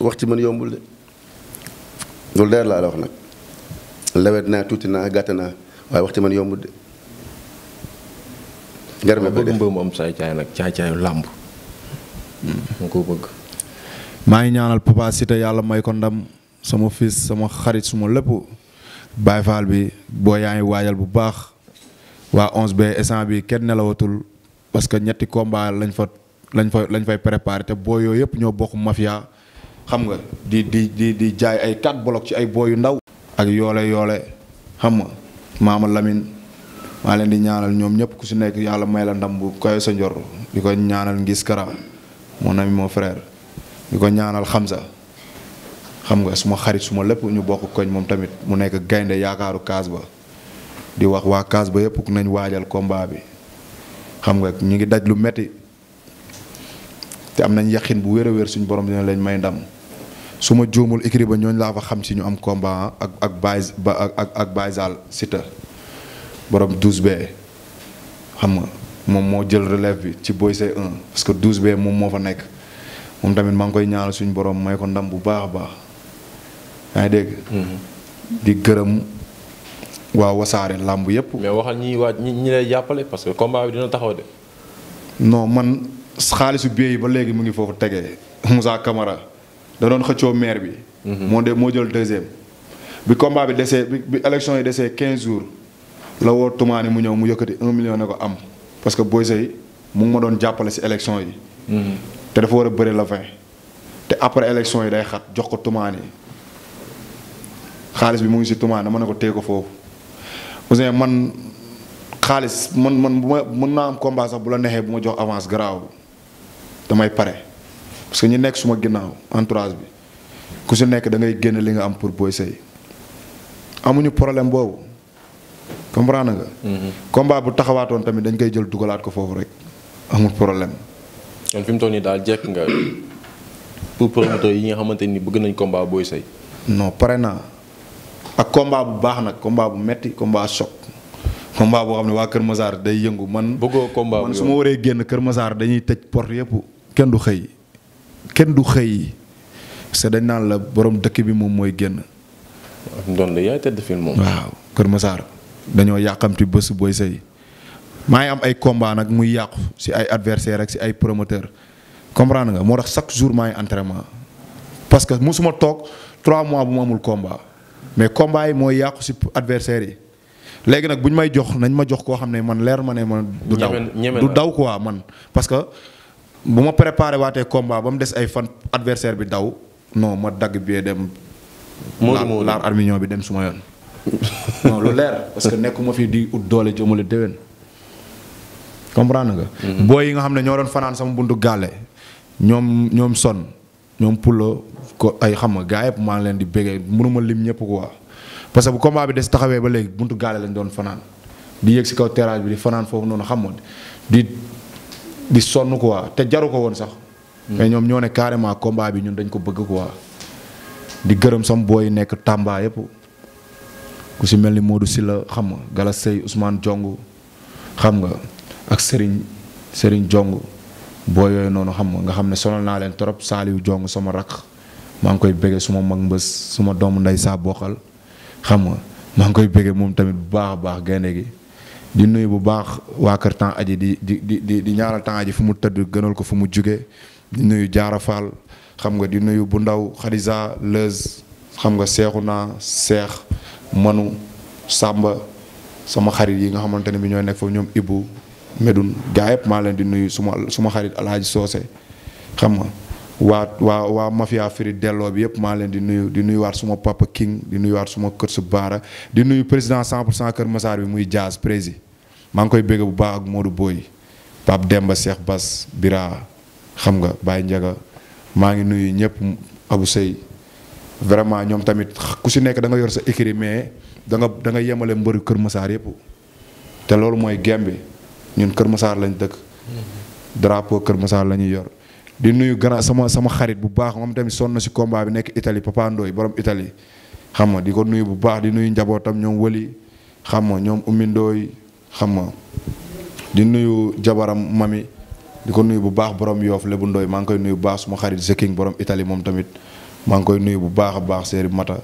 wax ci man yombul de. nag. lewet naa tuuti naa gàtt naa waaye wax ci man yombul de. garme bëgg mbër mu am saay caay nag caay caayu làmb. maa ngi ñaanal Papa yàlla may ko ndam sama fis sama xarit suma lépp. Baye Fall bi boo yaa ngi waajal bu baax waa 11B instant bi kenn nelawatul parce que ñetti combat lañ fa lañ fa lañ fay préparé te boo yooyu yëpp ñoo bokk mafia xam nga di di di di jaay ay quatre blocs ci ay boo yu ndaw. ak yoole yoole xam nga maama lamin maa leen di ñaanal ñoom ñëpp ku si nekk yàlla may la ndam bu koy sa njor di ko ñaanal ngis kara mon ami mon frère di ko ñaanal Hamza. xam nga suma xarit suma lépp ñu bokk koñ moom tamit mu nekk gaynde yaakaaru kaas ba di wax waa kaas ba yëpp nañ waajal combat bi xam nga ñu ngi daj lu metti te am nañ yaqin bu wér a wér suñu borom dina leen may ndam su juumul écrit ba ñooñu laa fa xam si ñu am combat ak ak Baye ak ak Baye Zal Siteu borom 12B xam nga moom moo jël relève bi ci Boy Seye 1 que 12B moom moo fa nekk moom tamit maa ngi koy ñaanal suñu borom may ko ndam bu baax a baax. yaa ngi dégg. di gërëm waa wasaare làmb yëpp. mais waxal ñi waa ñi ñi lay jàppale parce que combat bi dina taxaw de. non man xaalisu biir ba léegi mu ngi foofu tegee Moussa Camara da doon xëccoo maire bi. Mhm. moo de moo jël deuxième. bi combat bi desee bi bi yi desee 15 jours la woo Toumani mu ñëw mu yëkkati un million ne ko am parce que Boy Seye mu ngi ma doon jàppale si élection yi. Mhm. te dafa war a bëri la 20. te après élection yi day xat jox ko Toumani. xaalis bi mu ngi si tumaa dama ne ko téye ko foofu Ouzin man xaalis man man bu ma mën naa am combat sax bu la neexee bu ma jox avance garaaw damay pare parce que ñi nekk suma ginnaaw entourage bi ku si nekk da ngay génn li nga am pour Boy Seye amuñu problème boobu comprendre nga. Mhm. combat bu taxawaatoon tamit dañ koy jël dugalaat ko foofu rek amul problème. kon fi mu toll nii daal jekk nga pour promoteur yi nga xamante ni bëgg nañ combat Boy Seye. non pare naa. ak combat bu baax nag combat bu metti combat choc combat boo xam ne waa Kër Masaar day yëngu man. bëggoo combat su ma waree génn Kër Masaar dañuy tëj porte yëpp kenn du xëy kenn du xëy c'est dañ naan la borom dëkk bi moom mooy génn. Ndonde yaay tëdd fi moom. Kër Masaar dañoo yàqamti bés booy sëy maa ngi am ay combat muy yàqu si ay adversaire ak si ay promoteur comprendre nga moo tax chaque jour maa ngi entraînement que musuma toog 3 mois bu ma amul combat. mais combat yi mooy yàqu si adversaire yi léegi nag bu ñu may jox nañ ma jox koo xam ne man leer ma ne man. du daw du daw ko waa man. parce que bu ma préparé waatee combat ba mu des ay fan adversaire bi daw no ma dagg bee dem. Modou laar arminion bi dem su ma yoon. non lu leer parce que nekkuma fi di ut doole jëmale déwén. comprendre nga. Mm-hmm. booy yi nga xam ne ñoo doon fanaan sama buntu gaale ñoom ñoom son ñoom Pulo ko ay xam nga gars yëpp maa leen di béggee mënuma lim ñëpp quoi parce que bu combat bi des taxawee ba léegi buntu gaale lañ doon fanaan di yéeg si kaw terrasse bi di fanaan foofu noonu xam nga di di sonn te jaru ko woon sax. Hmm. mais ñoom ñoo ne carrément combat bi ñun dañ ko bëgg quoi. di gërëm sam booy nekk Tamba yëpp ku si mel ni Modou Sylla xam nga Gala Sey Ousmane Jong xam nga ak Serigne Serigne Jong booy yooyu noonu xam nga xam ne sonal naa leen trop Saliou Jong sama rakk. maa ngi koy bëggee suma mag mbës suma doomu ndey saa bokkal xam nga maa ngi koy bëggee moom tamit bu baax a baax gaynde gi di nuyu bu baax waa kër temps aji di di di di ñaanal temps aji fu mu tëdd gënal ko fu mu jugee di nuyu jaara faal xam nga di nuyu bu ndaw xadisa lëz xam nga seexu naa seex manu sàmba sama xarit yi nga xamante ne bi ñoo nekk foofu ñoom Ibou Medoune gaa yëpp maa leen di nuyu suma suma xarit alaaji soose xam nga waa waa waa mafia firi delloo bi yëpp maa leen di nuyu di nuyuwaat suma papa King di nuyuwaat suma kër su baara di nuyu président 100 pour Kër masaar bi muy Diaz prési maa ngi koy bégg bu baax ak Modou Boy Pape Demba Cheikh bas Bira xam nga Baye Ndiaga maa ngi nuyu ñëpp abu Sey vraiment ñoom tamit ku si nekk da yor sa écrit mais da nga da nga yemale mbëru Kër Massar yëpp te loolu mooy gem ñun Kër Massar lañ dëkk mm-hmm. drapeau Kër Massar la ñuy yor. di nuyu grand sama sama xarit bu baax moom tamit sonn na si combat bi nekk itali Papa Ndoye borom Italie xam nga di ko nuyu bu baax di nuyu njabootam ñoom wëli xam nga ñoom Oumy Ndoye xam nga di nuyu jabaram mami di ko nuyu bu baax borom yoof Lebu Ndoye maa ngi koy nuyu bu baax suma xarit Zeking borom Italie moom tamit maa ngi koy nuyu bu baax a baax Seeri Mata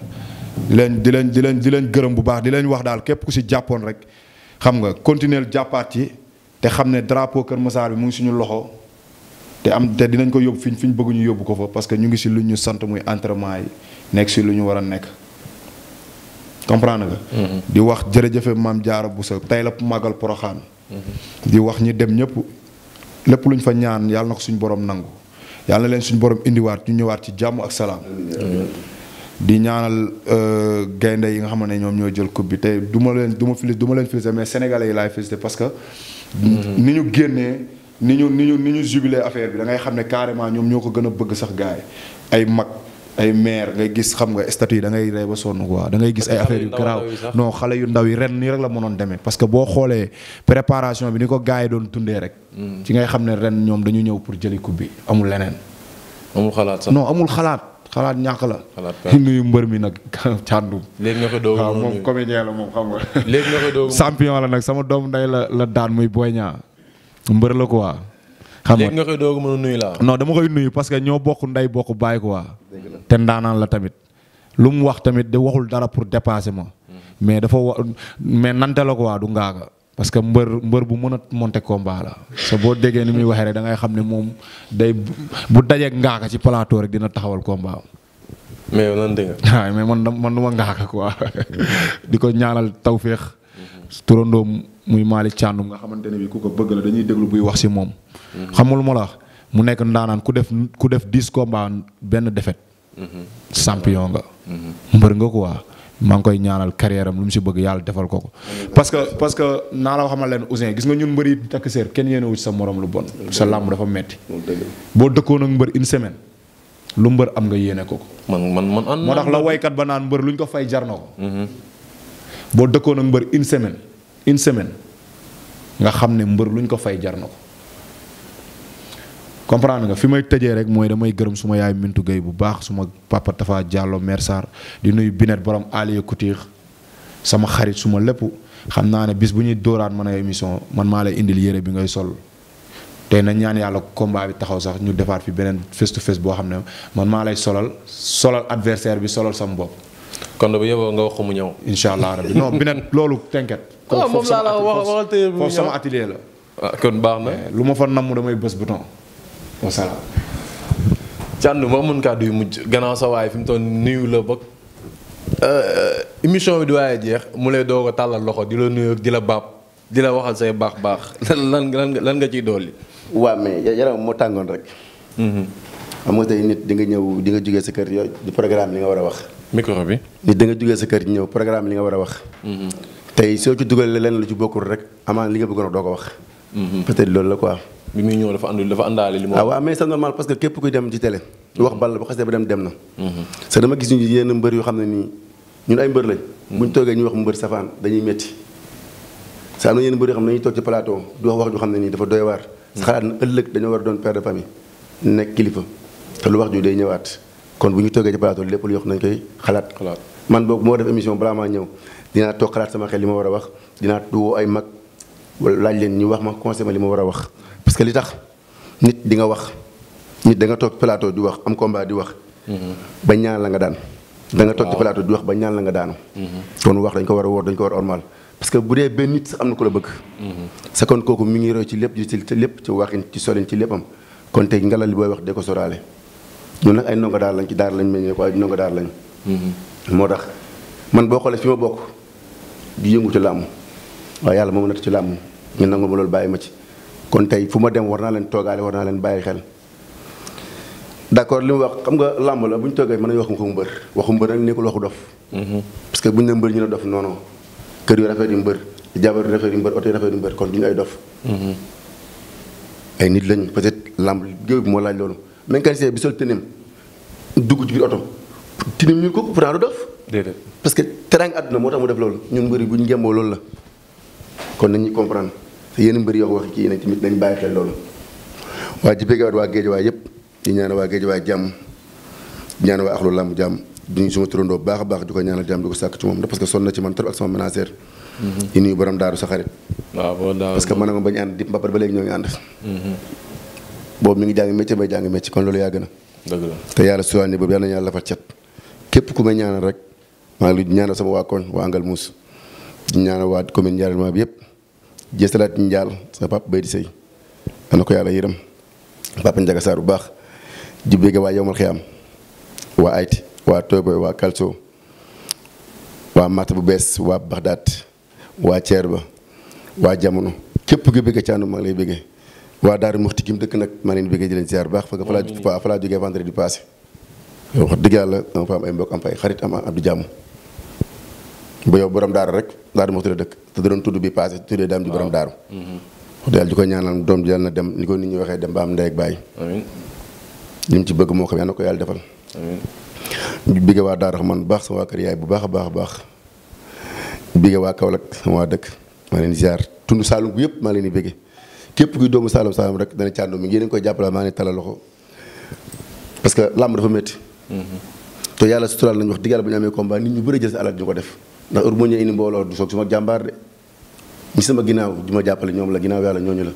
di leen di leen di leen leen gërëm bu baax di leen wax daal képp ku si jàppoon rek xam nga continuer jàppaat yi te xam ne drapeau Kër Massar bi suñu loxo. te am te dinañ ko yóbbu fi fi ñu bëgg ñu yóbbu ko fa parce que ñu ngi si lu ñu sant muy entraînement yi nekk si lu ñu war a nekk comprendre nga. Mm-hmm. di wax jërëjëfe maam jaara bu sa tey la màggal poroxaan mm-hmm. di wax ñi dem ñëpp lépp lu luñ fa ñaan yàlla na ko suñu borom nangu yàlla na leen suñ borom indiwaat ñu ñëwaat ci jàmm ak salaam. Mm-hmm. di ñaanal euh, gaynde yi nga xam ne ñoom ñoo jël coupe bi tey du ma leen du ma félicité du ma leen félicité mais sénégalais yi laay félicité parce que. ni ñu génnee. ni ñu ni ñu ni ñu affaire bi dangay xam ne carrément ñoom ñoo ko gën a bëgg sax gars ay mag ay maire ngay gis xam nga statut yi da ngay rey ba sonn quoi da ngay gis ay affaire yu garaaw non xale yu ndaw yi ren nii rek la mënoon deme parce que boo xoolee préparation bi ni ko gars doon tundee rek hmm. ci ngay xam ne ren ñoom dañu ñëw pour jëli coupe bi amul leneen amul xalaat sax amul xalaat xalaat ñàkk la. xalaat nuyu mbër mi nag càndum. léegi nga ko doog ah, moom la moom xam nga. léegi la nag sama doomu ndey la la daan muy Boy Niang mbër la quoi. xam nga léegi nga koy doog a mën a nuyu laa. non dama koy nuyu parce que ñoo bokk nday bokk bàyyi quoi. te ndaanaan la tamit. lu mu wax tamit de waxul dara pour dépasser ma. Mm. mais dafa wa mais nante la ko waa du ngaaga. parce que mbër mbër bu mën a monter combat la. boo déggee ni muy waxee rek da ngay xam ne moom day bu dajeeg ngaaka ci plateau rek dina taxawal combat mais yow lan dégg nga. mais man man du ma ngaaka quoi. di ko ñaanal tawféex. turandoom muy Malick Thiandoum nga xamante ne bi ku ko bëgg la dañuy déglu buy wax si moom. xamul ma la mu nekk ndaanaan ku def ku def diis combats benn defet champion nga. mbër nga quoi maa ngi koy ñaanal carrière am lu mu si bëgg yàlla defal ko ko. parce que parce que naa la xamal leen Ouzin gis nga ñun mbër yi takk seer kenn yéene wu ci sa morom lu bon. sa làmb dafa metti boo dëkkoon ak mbër une semaine. lu mbër am nga yéene ko ko. man man man moo tax la waykat ba naan mbër luñ ko fay jar na boo dëkkoon ak mbër une semaine une semaine nga xam ne mbër luñ ko fay jar na ko comprendre nga fi may tëjee rek mooy damay gërëm suma yaay Mintu Gueye bu baax suma papa Tafa Diallo mère Sarr di nuyu Binet borom Aliou Couture sama xarit suma lépp xam naa ne bis bu ñuy dóoraat man ay émission man maa lay indil yére bi ngay sol tey na ñaan yàlla combat bi taxaw sax ñu defaat fi beneen face to face boo xam ne man maa lay solal solal adversaire bi solal sama bopp. kon bu yeboo nga wax ko mu ñëw. incha allah rabi non bi nag loolu tënket. ah moom laa la wax foofu sama atelier la. ah kon baax na. Eh, lu ma fa namm damay bës bouton. wasalaam. Thierno boo mën kàddu yu mujj gannaaw sa waaye fi mu toll nuyu la ba eh, émission bi di waaye jeex mu lay doo a tàllal loxo di la nuyu di la baab di la waxal say baax baax lan lan lan nga ciy dolli. waa mais yaram moo tàngoon rek. Mhm. xam nga tey nit di nga ñëw di nga jógee sa kër yooyu di programme nga war a wax. micro bi. nit da nga jógee sa kër ñëw programme li nga war a wax. Mm-hmm. tey soo ci dugalee lenn lu ci bokkul rek amaan li nga bëggoon doo ko wax. Mm-hmm. peut-être loolu la quoi. bi muy ñëw dafa àndul dafa àndaale li. ah waaw mais c'est normal parce que képp kuy dem ci télé. wax ball bu xasee ba dem dem na. Mm-hmm. parce que dama gis ñu yenn mbër yoo xam ne nii ñun ay mbër lañ. buñ toogee ñu wax mbër safaan dañuy métti. sa am na yenn mbër yoo xam ne dañuy toog ci plateau du wax wax joo xam ne nii dafa doy dañoo war a doon père de famille. nekk kilifa te lu wax ju day ñëwaat kon bu ñu toogee ci plateau lépp lu yox nañ koy xalaat. xalaat man boog moo def émission balaa maa ñëw dinaa toog xalaat sama xel li ma war a wax dinaa woo ay mag laaj leen ñu wax ma conseil ma li ma war a wax. parce que li tax nit di nga wax nit da nga toog plateau di wax am combat di wax. Mhm. ba ñaan la nga daan. da nga toog ci plateau di wax ba ñaan la nga daanu. Mhm. kon wax dañ ko war a wóor dañ ko war a normal que bu dee benn nit sax am na ko la bëgg. Mhm. sa kon kooku mu ngi roy ci lépp ci lépp ci waxin ci solin ci léppam kon tey ngalal li booy wax dee ko soraale. ñun ne ay ndongo daara lañ ci daara lañ meññee ko ay ndongo daara lañ. Mhm. moo tax man boo xoolee fi ma bokk di yëngu ci làmb waaye yàlla moo ma natt ci làmm ñu nangu ma loolu bàyyi ma ci. kon tey fu ma dem war naa leen toogaale war naa leen bàyyi xel d'accord li wax xam nga làmb la bu ñu toogee mën nañu wax waxu mbër waxu mbër nag nekkul waxu dof. Mhm. parce que bu ñu ne mbër ñu ne dof non kër yu rafet yu mbër jabar yu yu mbër oto rafet yu mbër kon du ay dof. Mhm. ay nit lañ peut-être làmb géew bi moo laaj loolu. mécanicien bi sol tëneem dugg ci biir oto tinim ñuul ko pourtant du dof. déedéet parce que teraanga àdduna moo tax mu def loolu ñun mbëri bu ñu ngemboo loolu la kon nañuy comprendre te yéen mbëri yoo wax kii nag tamit nañ bàyyi xel waa ji bëggaat waa géejawaay yëpp di ñaan waa géejawaay waa axlu làmb jàmm di nuyu suma turandoo baax a baax di ko ñaanal jàmm di ko sàkk ci moom parce que sonn na ci man trop ak sama ménagère. Mhm. di nuyu borom daaru sa xarit. waaw borom daaru parce que man ak moom ba ànd di mbappat ba léegi ñoo ngi ànd. Mhm. boobu mu ngi jàngi métier may jàngi métier kon loolu yàgg na. dëgg la te yàlla suwaan boobu yàlla na yàlla lafal cet képp ku may ñaanal rek maa ngi ñaanal sama waa koñ waa Angal Mousse di ñaanal waa commune bi yëpp jëstalaat njaal sa papa bay di na ko yàlla yërëm papa Ndiaga Sarr bu baax di bëgg waa Yomal Xiyam waa Ayti waa Toboy waa Kalso waa Mata bu bees waa Baxdaat waa Ceer ba waa Jamono képp ku bëgg caanu maa lay bëggee. waa Daaru Muxti gi mu dëkk nag maa leen bëggee di leen ziar baax fa fa laa fa laa jógee vendredi passé wax dëgg yàlla am fa am ay mbokk am ay xarit am ab di jàmm ba borom daaru rek Daaru Muxti la dëkk te doon tudd bi passé tuddee daam di borom daaru mm-hmm. wax dëgg ko ñaanal doom ji yàlla na dem ni ko nit ñi waxee dem ba am ndey ak bàyyi li ci bëgg moo xam yàlla na ko yàlla defal ñu bëggee waa Daaru man baax sama waa kër yaay bu baax a baax a baax bëggee waa Kaolack sama waa dëkk maa leen ziar tund Saalum bu yëpp maa leen di bëggee képp kuy doomu Saalum Saalum rek dana Thiandoum mi yéen a koy jàppale maa ngi talal loxo parce que làmb dafa métti. te yàlla su suturaal nañu wax dëgg yàlla bu ñu amee combat nit ñu bëri jël si alal ñu ko def ndax heure bu ñu indi mbooloo du soog ginnaaw di ma jàppale ñoom la ginnaaw yàlla ñooñu la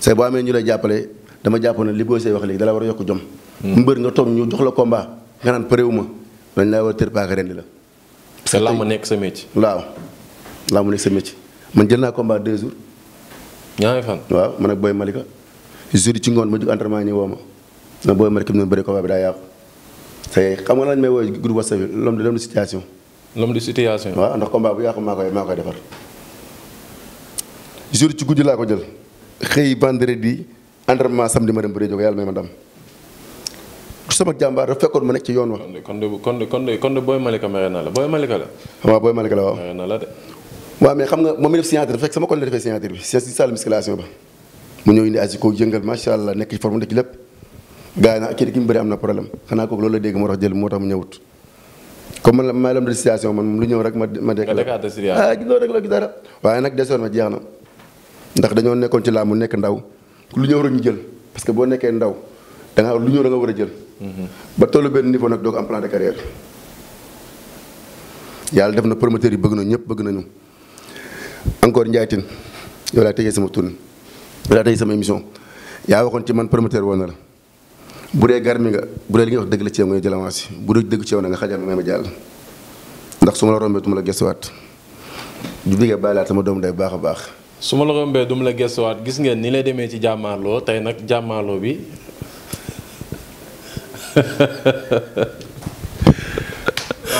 say boo amee ñu lay jàppale dama jàpp ne li booy say wax léegi dala war a yokk jom mbër nga toog ñu jox la combat nga naan paréwuma dañ laa war a tër paaka rendi la parce que làmb nekk sa métier waaw làmb nekk sa métier man jël naa combat deux jours ñaari fan. waaw man ak Boy Malika jeudi ci ngoon ma jug maa ñi woo ma na Boy Malika mu bëri combat bi daa yàqu te xam nga lañ may woowee groupe WhatsApp bi l'homme de l'homme di situation. l'homme de situation. waaw ndax combat bu yàqu maa koy maa koy defar ci guddi laa ko jël xëy vendredi entraînement samedi ma dem bëree jóg yàlla may ma dam sama jàmbaar dafa fekkoon ma nekk ci yoon wa. kon de kon de kon de Boy Malika ma na la Boy Malika waaw mais xam nga moom mi def signature fekk sama collègue defee signature bi si salle musculation ba mu ñëw indi asiko yëngal macha allah nekk ci forme nekk ci lépp gars yi nag kii ki am na problème xanaa kooku loolu la dégg moo tax jël moo tax mu ñëwut comme man la maa ngi de ñëw rek ma ma dégg la ah gisoo rek la gis dara waaye jeex na ndax dañoo nekkoon ci laa mu nekk ndaw lu ñëw rek ñu jël parce que boo nekkee ndaw da nga lu ñëw da war a jël mm-hmm. ba tollu benn niveau nag doo ko am plan de yàlla def na promoteur yi bëgg na ñëpp bëgg nañu encore Ndiaye Tine yow laa tëjee sama tournée yow laa tëjee sama émission yaa waxoon ci man promoteur woon na la bu dee garmi nga bu dee li nga wax dëgg la ci yow nga jël avance bu dee dëgg ci yow na nga xajal ma ma jàll ndax su ma la rombee du ma la gestuwaat du bëggee bàyyi laa sama doomu day baax a baax. su ma la rombee du la gestuwaat gis ngeen ni lay demee ci jàmmaaloo tey nag jàmmaarloo bi.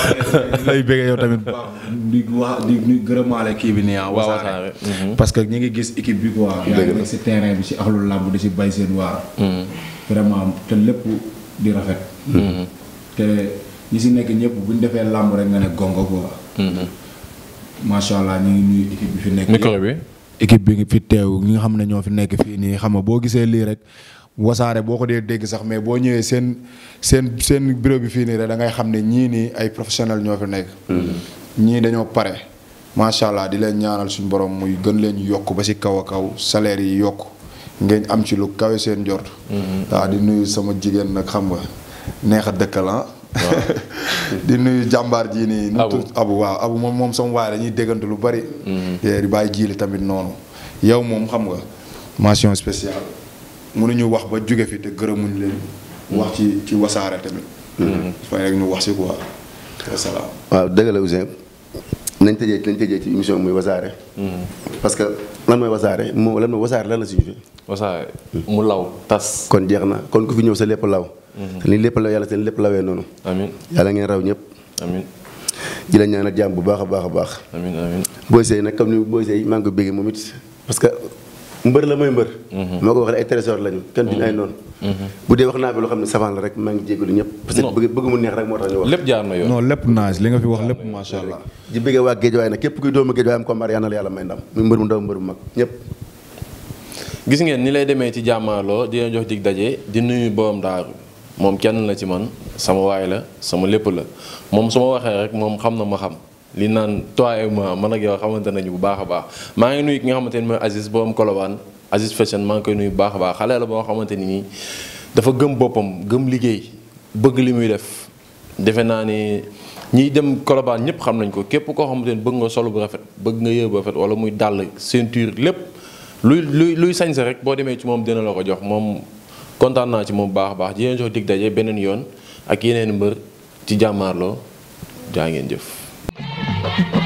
ay bëggee yow tamit bu gërëmaale kii bi nii ah Wassare mhm. Mhm. parce que ñu ngi gis équipe bi quoi yaa ngi si terrain bi si axlul làmb di si bay seen waar mhm. vraiment te lépp di rafet te ñi si nekk ñëpp bu ñu defee làmb rek nga ne gongo quoi macha allah ñu ngi bi fi nekk micro bi équipe bi ngi fi teew ñi nga xam ne ñoo fi nekk fii nii xam nga boo gisee lii rek wasaare boo ko dee dégg sax mais boo ñëwee seen seen seen bureau bi fii nii rek da ngay xam ne ñii nii ay professionnels ñoo fi nekk. Hmm. ñii dañoo pare. macha allah di leen ñaanal suñu borom muy gën leen yokk ba si kaw a kaw salaire yi yokk ngeen am ci lu kawe seen jort. Hmm. waaw di nuyu sama jigéen nag xam nga neex a dëkkalan ah. di nuyu jàmbaar jii nii. abu abu waaw abu moom moom sama waaye dañuy déggante lu bari. Hmm. Eh, di bàyyi jiili tamit noonu. yow moom xam nga mention spéciale. ñu wax ba jóge fi te ñu leen. wax ci ci wasaare tamit. fay mm-hmm. rek ñu wax si quoi. salaam. waaw dëgg la Ouzin nañ tëjee nañ tëjee ci émission muy wasaare. Mm-hmm. parce que lan mooy wasaare moom lan mooy wasaare lan la signifie. wasaare mm-hmm. mu law tas. kon jeex na kon ku fi ñëw sa lépp law. te li lépp law yàlla seen lépp lawee noonu. amiin yàlla ngeen raw ñëpp. amiin di la ñaanal bu baax a baax a baax. amiin nag comme ni Boy Seye maa moom it parce mbër la mooy mbër. Mhm. moo ko wax ay trésor lañu. kenn duñu ay mhm. noonu. Mhm. bu dee wax naa bi loo xam ne savant la rek maa ngi jégalu ñëpp. parce que bëgg mu neex rek moo tax ñu wax. lépp jaar na yoon non lépp naaj li nga fi la yàlla may ndam muy mbër mu ndaw mbër mu mag ñëpp. gis ngeen ni lay demee ci jàmmaarloo di leen jox dig daje di nuyu borom daaru moom kenn la ci man sama waay la sama lépp la moom su ma waxee rek moom xam na ma xam li naan toi et man ak yow xamante nañu bu baax a baax maa ngi nuy ki nga xamante ni mooy Aziz boo am Colobane Aziz Fashion maa ngi koy nuyu bu baax a baax xale la boo xamante ni nii dafa gëm boppam gëm liggéey bëgg li muy def defe naa ne ñiy dem kolobaan ñëpp xam nañ ko képp koo xamante ni bëgg nga solu bu rafet bëgg nga yëre bu rafet wala muy dàll ceinture lépp luy luy luy sañse rek boo demee ci moom dina la ko jox moom kontaan naa ci moom baax a baax di leen jox dig beneen yoon ak yeneen mbër ci jàmmaarloo jaa ngeen jëf Thank